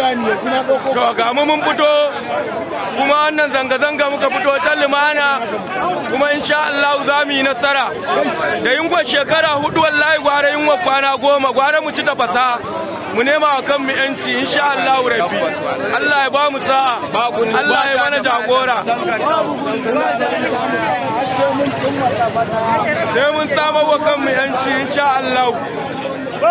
gani ya suna ɗauko to ga mu mun fito kuma wannan zanga-zanga muka fito ta limana kuma insha Allah za mu yi nasara da yunwa shekara hudu wallahi gwara yunwa kwana goma gwara mu ci tafasa mu nema wa kanmu yanci insha Allah rabbi Allah ya ba mu sa'a Allah ya mana jagora sai mun samu wa kanmu yanci insha Allah